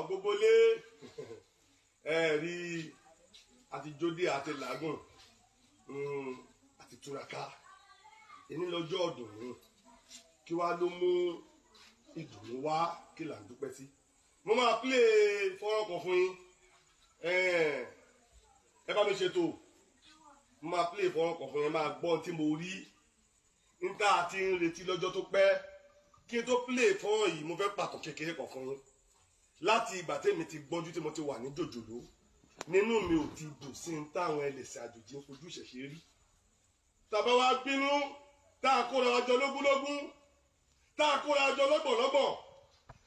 ògbógbó lé ẹ̀rí àti jóde àti làágùn àti hmm, túraká èyí lọ́jọ́ ọ̀dùnnú kí wàá ló mú ìdùnnú wá kí là ń dúpẹ́ sí. mo máa pílè fọ́nrán kan fún yín ẹ bá mi ṣètò mo máa pílè fọ́nrán kan fún yín máa gbọ́ tí mo rí níta àti ń retí lọ́jọ́ tó pẹ́ kí n tó pílè fọ́nrán yìí mo fẹ́ pàtó kékeré kan fún yín láti ìgbà tèmi ti gbọ́njú tí mo ti wà ní jòjòló nínú mi ò ti dùn sí ní táwọn ẹlẹ́sìn àjòjì ń fojú ìṣẹ̀ṣe rí tàbá wa bínú tá a kóra ọjọ́ lógúnlógún tá a kóra ọjọ́ lọ́gbọ̀lọ́gbọ̀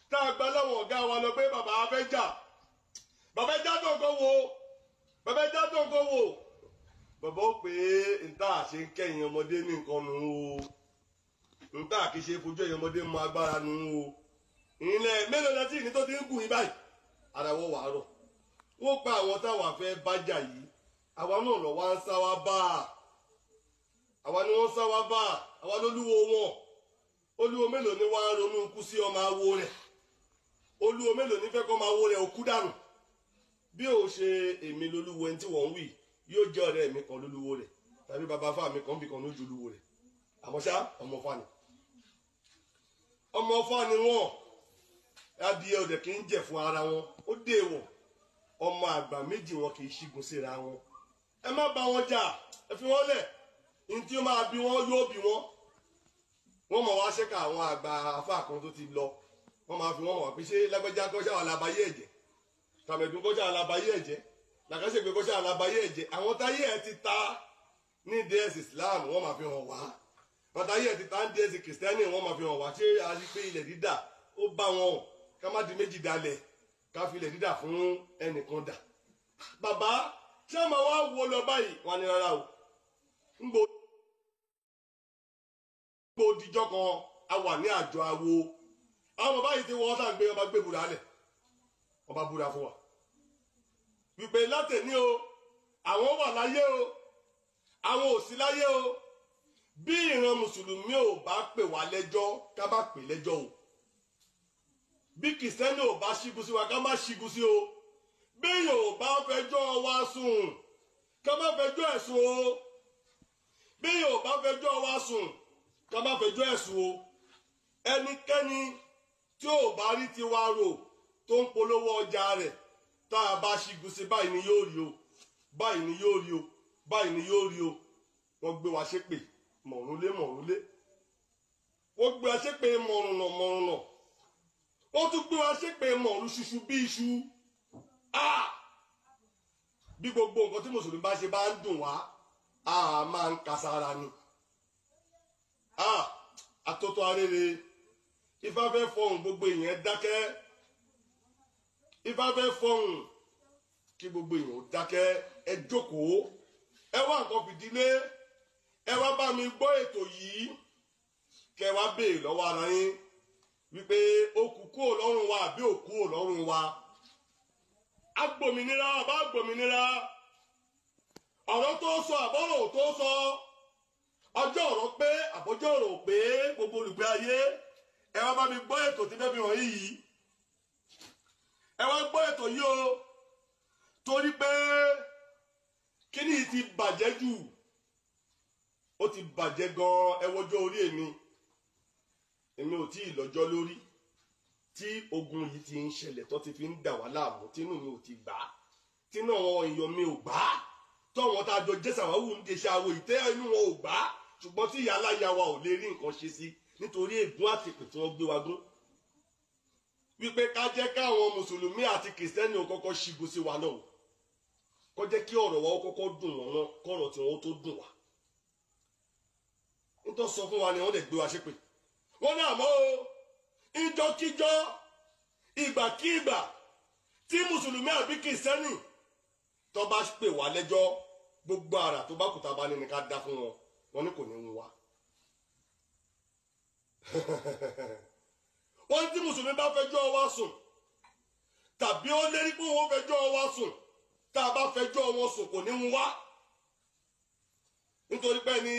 tá a gba lọ́wọ́ ọ̀gá wa lọ pé bàbá a fẹ́ jà bàbá ẹja tó nǹkan wo bàbá ẹja tó nǹkan wo bàbá ó pè é níta àṣe ń kẹ́yìn ọmọdé ní nǹkan nù ú o níta àkíṣe fojú ẹ̀yìn ọmọdé mọ agbára nù ú o ìrìnlẹ̀ mélòó la ti ní tó ti ń gùn yín báyìí ara wọ́n wàá rọ̀ wọ́n pa àwọn táwọn afẹ́ bájà yìí àwa náà lọ wá ń sá wá bá a àwa ni wọ́n sá wá bá a àwa lólúwo wọn olúwo mélòó ni wàá ronú kú sí ọmọ awo rẹ̀ olúwo mélòó ni fẹ́ kọ́ ọmọ awo rẹ̀ òkú dànù bí o ṣe èmi lolúwo ẹni tí wọ́n ń wì yóò jẹ́ ọ̀rẹ́ mi kan lolúwo rẹ̀ tàbí baba fáà mi kan bìkan lójú olúwo rẹ̀ àmọ́ ṣá ọmọ fáà ọmọ fáà wọ́n adìyẹ ọdẹ kì í jẹ fún ara wọn ó dé wọ ọmọ àgbà méjì wọn kì í ṣígun síra wọn ẹ má bá wọn jà ẹ fi wọn lẹ ntí máa bí wọn yóò bí wọn wọn mọ wá ṣẹka àwọn àgbà afá kan tó ti lọ wọn máa fi wọn wà pé ṣé lágbájá kọ́ ṣáà alábàáyé ẹ̀jẹ̀ tàmẹ̀dún kọ́ ṣáà alábàáyé ẹ̀jẹ̀ làkàṣègbè àwọn táyé ẹ ti ta ní ds Islam wọn máa fi hàn wá wọn táyé ẹ ti ta ní ds Kìrìsìtẹ́nì wọn máa fi hàn wá ṣé a rí pé ilẹ̀ dídà ó bá wọn o ká má di méjì dalẹ̀ ká filẹ̀ dídà fún ẹnìkan dà bàbá tí a máa wá wo lọ báyìí wà ní rárá o ń gbò dijọ́ kan a wà ní àjọ awo àwọn bàbá yìí ti wọ́n sàn gbé ọba gbé búra lẹ̀ ọba búra fún wa wípé látẹ̀ní o àwọn wà láyé o àwọn ò sí láyé o bí ìran mùsùlùmí ò bá pè wá lẹ́jọ́ ká bá pè lẹ́jọ́ o bí kìsẹ́nì ò bá ṣígun sí wa ká má ṣígun sí o béèyàn ò bá fẹjọ́ wa sùn ká má fẹjọ́ ẹ̀ o béèyàn ò bá fẹjọ́ wa sùn ká má fẹjọ́ ẹ̀ o ẹnikẹ́ni tí ò bá rí tiwa rò tó ń polówó ọjà rẹ̀ tá a bá ṣígun sí báyìí ni yóò rí o báyìí ni yóò rí o báyìí ni yóò rí o wọ́n gbé wa ṣépè mọ̀rúnlé mọ̀rúnlé wọ́n gbé wa ṣépè mọ̀rùnà mọ̀rùnà ó tún gbé wa ṣépè mọ̀ọ́lù ṣuṣu bí iṣu ah! bí gbogbo nǹkan tí mùsùlùmí bá ṣe bá ń dùn wá a máa ń kasára ni ah! atótó arére ifá fẹ́ fọhùn gbogbo èèyàn dákẹ́ ifá fẹ́ fọhùn kí gbogbo èèyàn dákẹ́ ẹ jókòó ẹ wá nǹkan fìdílé ẹ wá bá mi gbọ́ ètò yìí kẹ wá béèrè lọ́wọ́ ara yín wípé ó kú kúrò lọ́rùn wa àbí ó kúrò lọ́rùn wa agbòmìnira àbá agbòmìnira ọ̀rọ̀ tó sọ àbọ̀rọ̀ tó sọ ọjọ́ ọ̀rọ̀ pé àbọ̀jọ́ ọ̀rọ̀ pé gbogbo olùgbé ayé ẹ wá bá mi gbọ́ ètò tí bẹ́ẹ̀ mi wọ̀nyí yìí ẹ wá gbọ́ ètò yìí o torí pé kíní ti bàjẹ́ jù ó ti bàjẹ́ gan ẹ orí èmi èmi ò tí ì lọ́jọ́ lórí tí ogun yìí ti ń ṣẹlẹ̀ tó ti fi ń dà wá láàmú tínú mi ò ti gbà á tínú àwọn èèyàn mi ò gbà á tọ́wọ́n tá a jọ jẹ́sà wá wù ń de ṣe àwọ̀ ìtẹ́ inú wọn ò gbà á ṣùgbọ́n tí ìyá aláya wa ò lè rí nǹkan ṣe sí nítorí ègún àtìpè tí wọ́n gbé wa gún wípé ká jẹ́ káwọn mùsùlùmí àti kìrìsìtẹ́nì ò kọ́kọ́ ṣìgò sí wa náà kọ́ jẹ́ kí ọ̀rọ̀ wa ó kọ́kọ́ dùn wọ́n kọ́rọ̀ tí wọ́n tó dùn wá nítorí sọ fún wa ni wọ́n lè gbé wa ṣépè ó ní àmọ́ o ìjọkíjọ ìgbàkígbà tí mùsùlùmí àbí kìsẹ́nì tó bá pè wá lẹ́jọ́ gbogbo ara tó bá kùtà bá nínú ká dá fún wọn wọn ní kò ní ń wá wọ́n tí mùsùlùmí bá fẹjọ́ wa sùn tàbí ó lérí pé òun fẹjọ́ wa sùn tá a bá fẹjọ́ wọn sùn kò ní ń wá nítorí pé ní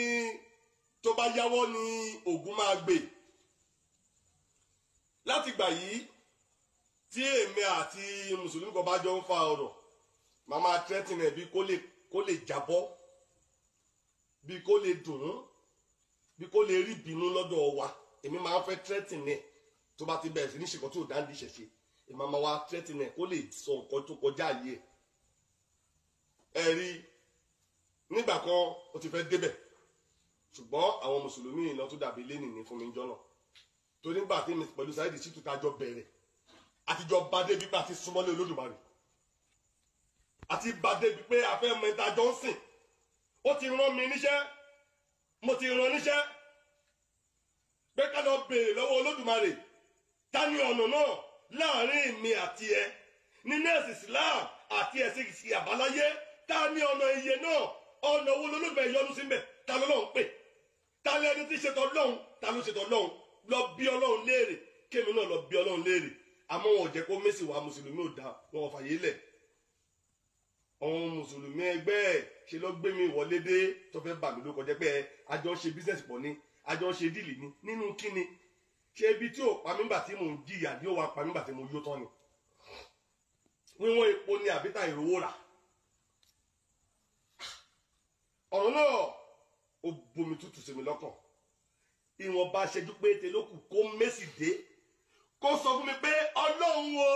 tó bá yáwọ́ ni ògùn máa gbè láti gbà yìí tí èmi àti mùsùlùmí kan bá jọ ń fa ọ̀rọ̀ màá máa tẹ́tìn rẹ̀ bí kó lè jábọ́ bí kó lè dùn ún bí kó lè rí ìbínú lọ́dọ̀ wa èmi máa ń fẹ́ tẹ́tìn rẹ̀ tó bá ti bẹ̀rẹ̀ sí ní ṣèkọ́ tí ò dáńdí ṣẹ̀ṣẹ̀ èmi máa wá tẹ́tìn rẹ̀ kó lè sọ nǹkan tó kọjá yìí ẹ̀ rí nígbà kan ó ti fẹ́ débẹ̀ ṣùgbọ́n àwọn mùsùlùmí ìlọ dàbí lénìí ní fún mi jọ́nà torí ń gbà tí mi pẹ̀lú Saheed Shittu tajọ bẹ̀rẹ̀ àtijọ́ bá débi pé àti súnmọ́lé olódùmarè àti bá débi pé afẹ́ mọ ìta johnson ó ti rán mi níṣẹ́ mo ti rán níṣẹ́ pé ká lọ béèrè lọ́wọ́ olódùmarè ta ni ọ̀nà náà láàrin mi àti ẹ nínú ẹ̀sìn Islam àti ẹ̀sìn ìsìn àbáláyé ta ni ọ̀nà iye náà ọ̀nà owó lólùfẹ́ yọnu síbẹ̀ ta ló lọ́n pè ta lẹ́ni tí ṣètò lọ́hùn ta ló ṣètò lọ́hùn lọ bí ọlọ́run léèrè kémi náà lọ bí ọlọ́run léèrè àmọ́ wọn ò jẹ́ kó mẹ́sì wá mùsùlùmí ò dá wọn ò fàyè lẹ̀ àwọn mùsùlùmí ẹgbẹ́ ẹ̀ ṣe lọ gbé mi wọlé dé tó fẹ́ bà mí ló kọjá pé àjọ ṣe business pọ̀ ni àjọ ṣe díìlì ni nínú kíni ṣé ibi tí ò pa mí gbà tí mò ń jìyà yóò wá pa mí gbà tí mo yó tán ni wíwọ́n epo ni àbíta ìrówó rà ọ̀rọ̀ náà ó bomi tútù sí mi lọ́kàn ìwọ̀nba ṣẹ́jú péréte ló kù kó mẹ́sì dé kó sọ fún mi pé ọlọ́run o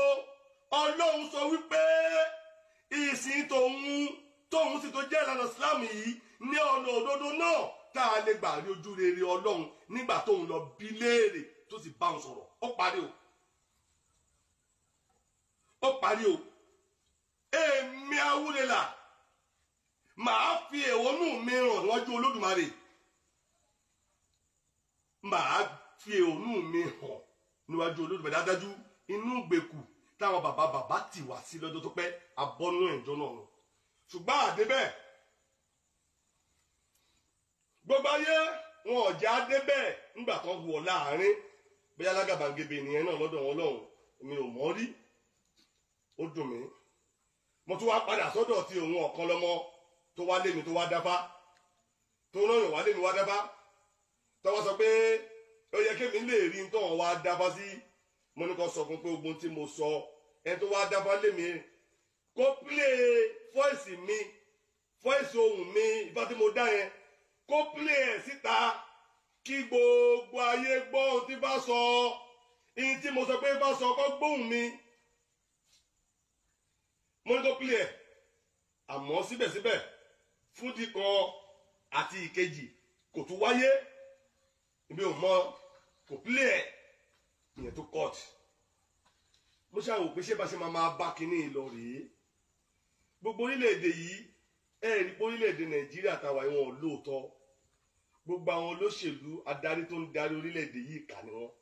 ọlọ́run sọ wípé ìsìn tòun tóun sì tó jẹ́ ìlànà islam yìí ní ọ̀nà òdodo náà tá a lè gbà rí ojú rere ọlọ́run nígbà tóun lọ bí léèrè tó sì bá òun sọ̀rọ̀ ó parí o ó parí o èmi awúrelà màá fi ẹ̀hónú mi hàn wájú olódùmarè màá fi òórùn mi hàn níwájú olódùmarè dájú inú gbèkù táwọn bàbá bàbá ti wá sí lọ́jọ́ tó pẹ́ abọ́nú ẹ̀jọ́ náà nù ṣùgbọ́n àdébẹ̀ gbogbo ayé wọn ọ̀jà débẹ̀ nígbà kan wọ̀ láàrin bóyá alágàbàgebè nìyẹn náà lọ́dọ̀ wọn lọ́hùn mi ò mọ̀ rí ó dùn mí mo tún wá padà sọ́dọ̀ tí òun ọ̀kan lọ́mọ tó wá lémi tó wá dáfá tó náà wá lémi wá dáfá tọwọ́ sọ pé ó yẹ kémi lè rí ní tọ́wọ́ wá dábá sí mo ní kó sọ fún pé ogun tí mo sọ ẹni tó wá dábá lémi kó pílé fọ́ìsì mi fọ́ìsì ohùn mi ìfá tí mo dá yẹn kó pílé ẹ̀ síta kí gbogbo ayé gbọ́ ohun tí bá sọ ihun tí mo sọ pé bá sọ kó gbóhùn mi mo ní kó pílé ẹ̀ àmọ́ síbẹ̀síbẹ̀ fúndì kan àti ìkejì kò tún wáyé èmi ò mọ kò pílẹ̀ ẹ̀ ìyẹn tó court mo ṣàwò pé ṣé bá ṣe máa máa bá kinní lọ rèé gbogbo orílẹ̀-èdè yìí ẹ rí pé orílẹ̀-èdè nàìjíríà táwa ìwọ̀n lóòótọ́ gbogbo àwọn olóṣèlú adarí tó ń darí orílẹ̀-èdè yìí kà ní wọn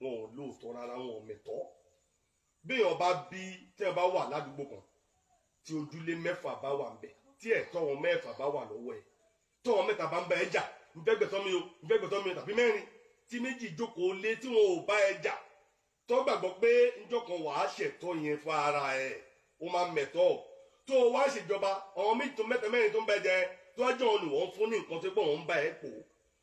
wọn ò lóòótọ́ rárá wọn ò mẹ̀tọ́ béèyàn bá bí téèyàn bá wà ládùúgbò kan tí ojúlé mẹ́fà bá wà ń bẹ̀ tí ẹ̀tọ́ wọn mẹ́fà bá wà lọ́wọ́ ẹ̀ tọ́wọn mẹ́ta bá ń bá ẹ jà n fẹ́ gbẹ̀tọ́ mi o n fẹ́ gbẹ̀tọ́ mi o tàbí mẹ́rin tí méjì jókòó lé tí wọn ò bá ẹ jà tó gbàgbọ́ pé njọ́ kan wàá ṣètọ́ yẹn fún ara ẹ o máa mẹ̀tọ́ tó o wá ṣèjọba àwọn méjì tó mẹ́ta mẹ́rin tó ń bẹ jẹ tó wá jọ ni wọ́n fún ní nǹkan tó pọ̀ wọ́n ń bá ẹ pò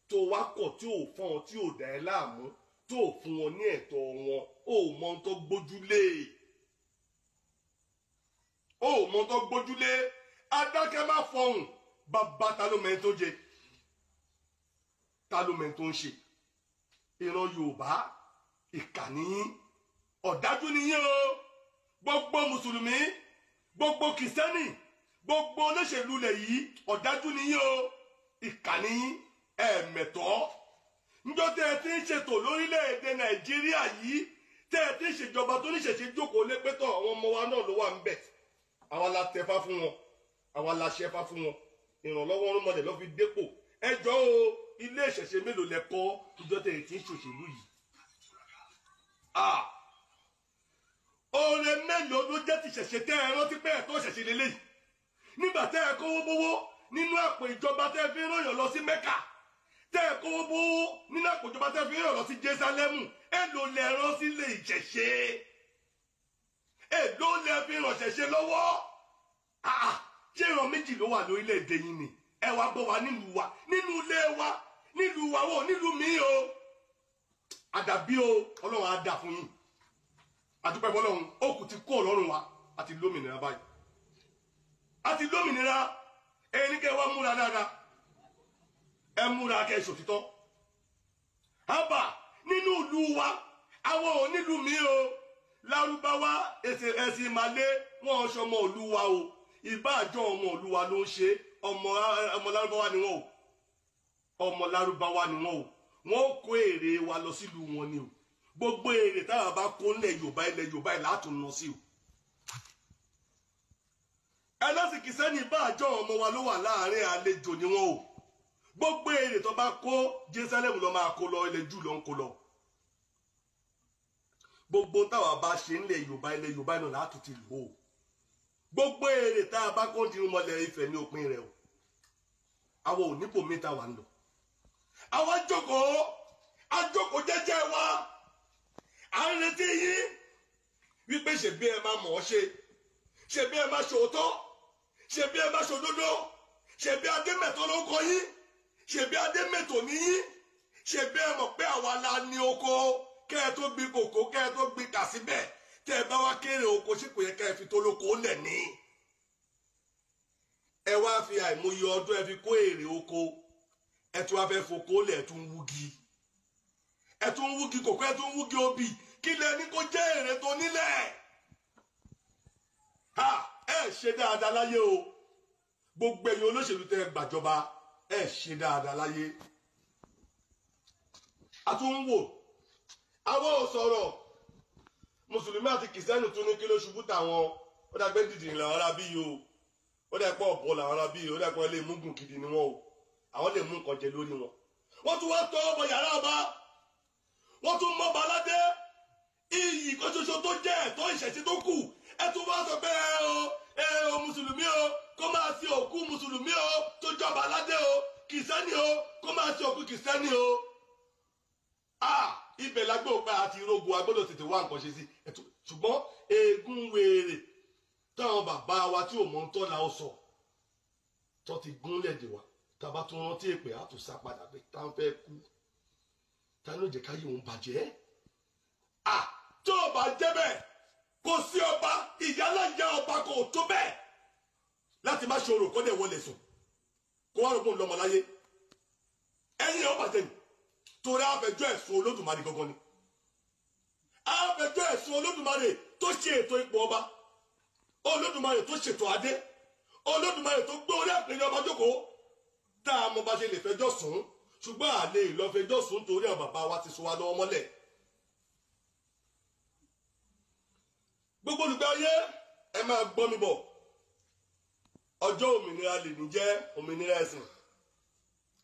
tó o wá kọ̀ tí ò fọ́n ọ tí ò dá ẹ láàmú tó o fún wọn ní ẹ̀tọ́ wọn o ò mọ ohun tó gbójúlé o mọ ohun tó gbójúlé adákẹ́ má fọhùn bàbá ta ló mẹ́rin tó jẹ ta ló mẹ́ni tó ń ṣe ìran yorùbá ìkà nìyín ọ̀dájú nìyín o gbogbo mùsùlùmí gbogbo kìsẹ́nì gbogbo olóṣèlú lẹ̀ yìí ọ̀dájú nìyín o ìkà nìyín ẹ̀ẹ̀mẹ̀tọ́ njọ́ tẹ́ ẹ ti ń ṣètò lórílẹ̀‐èdè nàìjíríà yìí tẹ́ ẹ ti ń ṣèjọba tó ní ṣèṣe jókòó lépẹ́tọ̀ àwọn ọmọ wa náà ló wà ń bẹ̀ àwa la tẹ̀fá fún wọn àwa la ṣẹ̀fá fún wọn ìrànlọ́wọ́ ọ̀rùnmọ̀lẹ̀ ló fi dépò ẹjọ́ o ilé ìṣẹ̀ṣe mélòó lẹ kọ́ ìjọ tẹ̀ tí ń ṣòṣèlú yìí. Ah! oore mélòó ló jẹ́ ti ṣẹ̀ṣe tẹ́ ẹ rántí pé ẹ̀tọ́ ṣẹ̀ṣe lélẹ́yìí nígbà tẹ́ ẹ kówó bówó nínú àpò ìjọba tẹ́ ẹ fi ròyìn lọ sí mẹ́kà tẹ́ ẹ kówó bówó nínú àpò ìjọba tẹ́ ẹ fi ròyìn lọ sí jésálẹ́mù ẹ ló lẹ rán sí ilé ìṣẹ̀ṣe ẹ ló lẹ fi ràn ṣẹ̀ṣe lọ́wọ́ ah, ah, ṣé ìran méjì ló wà lórílẹ̀‐èdè yìí ni ẹ wá bọ̀ wá nílùú wa nínú ilé wa nílùú wa wo nílùú mi o àdàbí o ọlọ́run á dà fún yín àdúpẹ́ bọ́lọ́run ó kù ti kó ọlọ́run wa àti lómìnira báyìí àti lómìnira ẹni kẹ́ wá múra dáadáa ẹ múra kẹ́ ṣòtítọ́ àbà nínú ìlú wa àwọn ò nílùú mi o lárúbáwá ẹ̀sìn ìmàlẹ́ wọn ò ṣọmọ ìlú wa o ìbáàjọ ọmọ ìlú wa ló ń ṣe ọmọ lárúbáwá ni wọn o ọmọ lárúbáwá ni wọn o wọn kó èrè wa lọ sílùú wọn ni o gbogbo èrè táwọn bá kó ńlẹ̀ yorùbá ilẹ̀ yorùbá ilẹ̀ àtúnná sí o ẹlẹ́sìn kìsẹ́nì bá àjọ ọmọ wa ló wà láàrin àlejò ni wọn o gbogbo èrè tó bá kó jerusalem lọ máa kó lọ ilẹ̀ jù lọ ń kó lọ gbogbo táwa bá ṣe ńlẹ̀ yorùbá ilẹ̀ yorùbá náà látún ti lò ó gbogbo èrè tá bá kó dirun mọ́lẹ̀ Ifẹ̀ ní òpin rẹ̀ o àwọn ò nípò mẹ́ta wà ń lọ àwa jókòó àjókòó jẹ́jẹ́ wa à ń retí yín wípé ṣèbí ẹ máa mọ̀ ọ́ ṣe ṣèbí ẹ máa ṣòótọ́ ṣèbí ẹ máa ṣòdodo ṣèbí adémẹ̀tọ́ ló kọ yín ṣèbí adémẹ̀tọ́ níyín ṣèbí ẹ mọ̀ pé àwa la ní oko kẹ́ ẹ tó gbin kòkó kẹ́ ẹ tó gbin kà síbẹ̀ tẹ́ ẹ bá wá kéré oko ṣé kò yẹ ká ẹ fi tó lóko lẹ̀ ní. ẹ wá fi àìmọye ọdún ẹ fi kó èrè oko ẹ tún wá fẹ́ fokó lẹ̀ ẹ tún ń wúgi ẹ tún ń wúgi kòkó ẹ ń wúgi obì kí lẹ ní kó jẹ́ èrè tó nílẹ̀ ha ẹ ṣe dáadáa láyé o gbogbo ẹ̀yin olóṣèlú tẹ́ gbàjọba ẹ ṣe dáadáa láyé a tún ń wò àwọn ò sọ̀rọ̀ mùsùlùmí àti kìsẹ́nù tún ní kí ló ṣubú tàwọn ó dàgbé dìdìrín làwọn ará yìí o ó dàgbé ọ̀bọ làwọn ará bí yìí ó dàgbé ilé ìmúgùn ni wọ́n o àwọn lè mú nǹkan jẹ lórí wọn wọ́n tún wá tọ́ ọmọ yàrá ọba wọ́n tún mọ́ baládé iyì kan ṣoṣo tó jẹ́ ẹ̀tọ́ ìṣẹ̀sí tó kù ẹ tún wá sọ pé ẹ o ẹ o mùsùlùmí o kó máa fi òkú mùsùlùmí o tó jọba aládé o kìsẹ́ni o kó máa fi òkú kìsẹ́ni o a ibẹ̀ la gbé òpá àti irogo agbọ́dọ̀ tètè wá nǹkan ṣe sí ẹ̀tọ́ ṣùgbọ́n eégún wèrè táwọn bàbá wa tí ò mọ̀ ń tọ́ la ó sọ tó ti gúnlẹ̀ dè wá tá a bá tún rántí èpè á tún sá padà pé tá a fẹ́ kú tá a ní òjè káyé òun bàjẹ́ à tó o bá jẹ́ bẹ́ẹ̀ kò sí ọba ìyálà ìyá ọba kò tó bẹ́ẹ̀ láti má ṣòro kó lè wọlé sùn kó wá rògbòn lọ́mọ láyé ẹ̀yìn ọba jẹ́ torí àfẹjọ́ ẹ̀sùn olódùmarè gangan ni àfẹjọ́ ẹ̀sùn olódùmarè tó ṣe ètò ipò ọba olódùmarè tó ṣètò adé olódùmarè tó gbé orí àpèjọba jókòó tá a mọ bá ṣe lè fẹjọ́ sùn ṣùgbọ́n àlè lọ fẹjọ́ sùn torí àwọn bàbá wa ti sọ wa lọ́wọ́ mọ́lẹ̀. gbogbo olùgbé ayé ẹ máa gbọ́ mi bọ̀ ọjọ́ òmìnira lè ní jẹ́ òmìnira ẹ̀sìn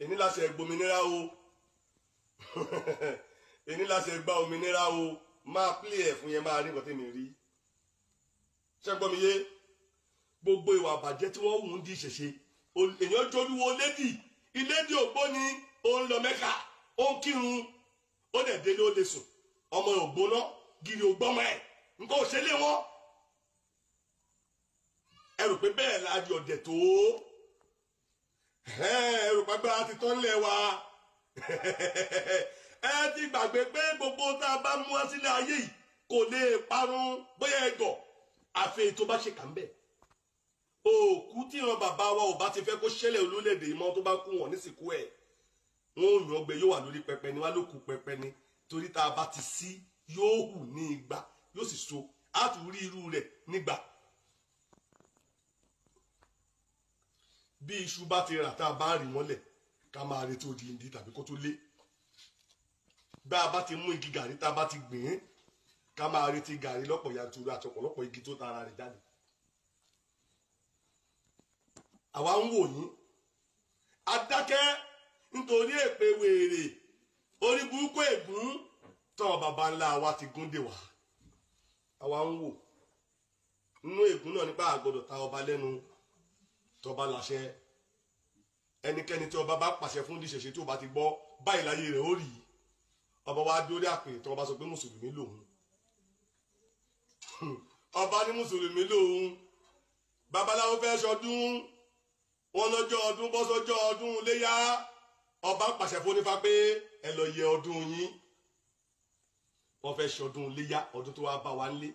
èní láṣẹ gbòmìnira o èní láṣẹ gba òmìnira o máa pílẹ̀ ẹ̀ fún yẹn máa rí nǹkan tẹ́mi rí ṣé gbọ́ mi yé gbogbo ìwà àbàjẹ́ tí wọ́n hù di ìṣẹ̀ṣe èèyàn jolúwo lédì ilédì ògbóni òun lọ mẹ́ka ó ń kírun ó dẹ̀ délé ó lè sùn ọmọ rẹ̀ ògbóná gírí ògbọ́mọ ẹ̀ nǹkan òṣèlé wọn ẹ rò pé bẹ́ẹ̀ la di ọ̀dẹ̀ tó ẹ rò pé agbára tán lẹ̀ wá ẹ ti gbàgbé pé gbogbo tá a bá mú wá sílẹ̀ ayé yìí kò lè parun bóyá ẹ̀gọ̀ àfẹ́ tó bá ṣe kà ń bẹ́ẹ̀ òkú tí ìran bàbá wa ò bá ti fẹ́ kó ṣẹlẹ̀ olólèdè ìmọ̀ tó bá kú wọn nísìnkú ẹ̀ wọn ò yàn ọgbẹ yóò wà lórí pẹpẹ ni wọn ló kú pẹpẹ ni torí tá a bá ti sí yóò hù ní ìgbà yóò sì so á tún rí irú rẹ̀ nígbà bí iṣu bá ti rà tá a bá rí wọn ká máa retí odi ìdí tàbí kó tó lé bá a bá ti mú igi gàrí tá a bá ti gbìn ín ká máa retí gàrí lọ́pọ̀ yanturu àti ọ̀pọ̀lọpọ̀ igi tó tara rẹ̀ jáde àwa ń wò yín adákẹ́ nítorí èpè wèrè orí burúkú ègún táwọn baba ńlá wa ti gún dè wá àwa ń wò nínú ègún náà nípa àgbọ̀dọ̀ ta ọba lẹ́nu tọba láṣẹ ẹnikẹ́ni tí ọba bá pàṣẹ fún ìṣẹ̀ṣe tí ọba ti gbọ́ báyìí láyé rẹ̀ ó rí ọba wa dórí àpè tí ọba sọ pé mùsùlùmí lòun ọba ní mùsùlùmí lòun babaláwo fẹ́ sọdún wọn lọ́jọ́ ọdún bọ́sọ́jọ́ ọdún léyà ọba ń pàṣẹ fún onífá pé ẹ lọ yẹ ọdún yín wọn fẹ́ ṣe léyà ọdún tó wá bá wa nílé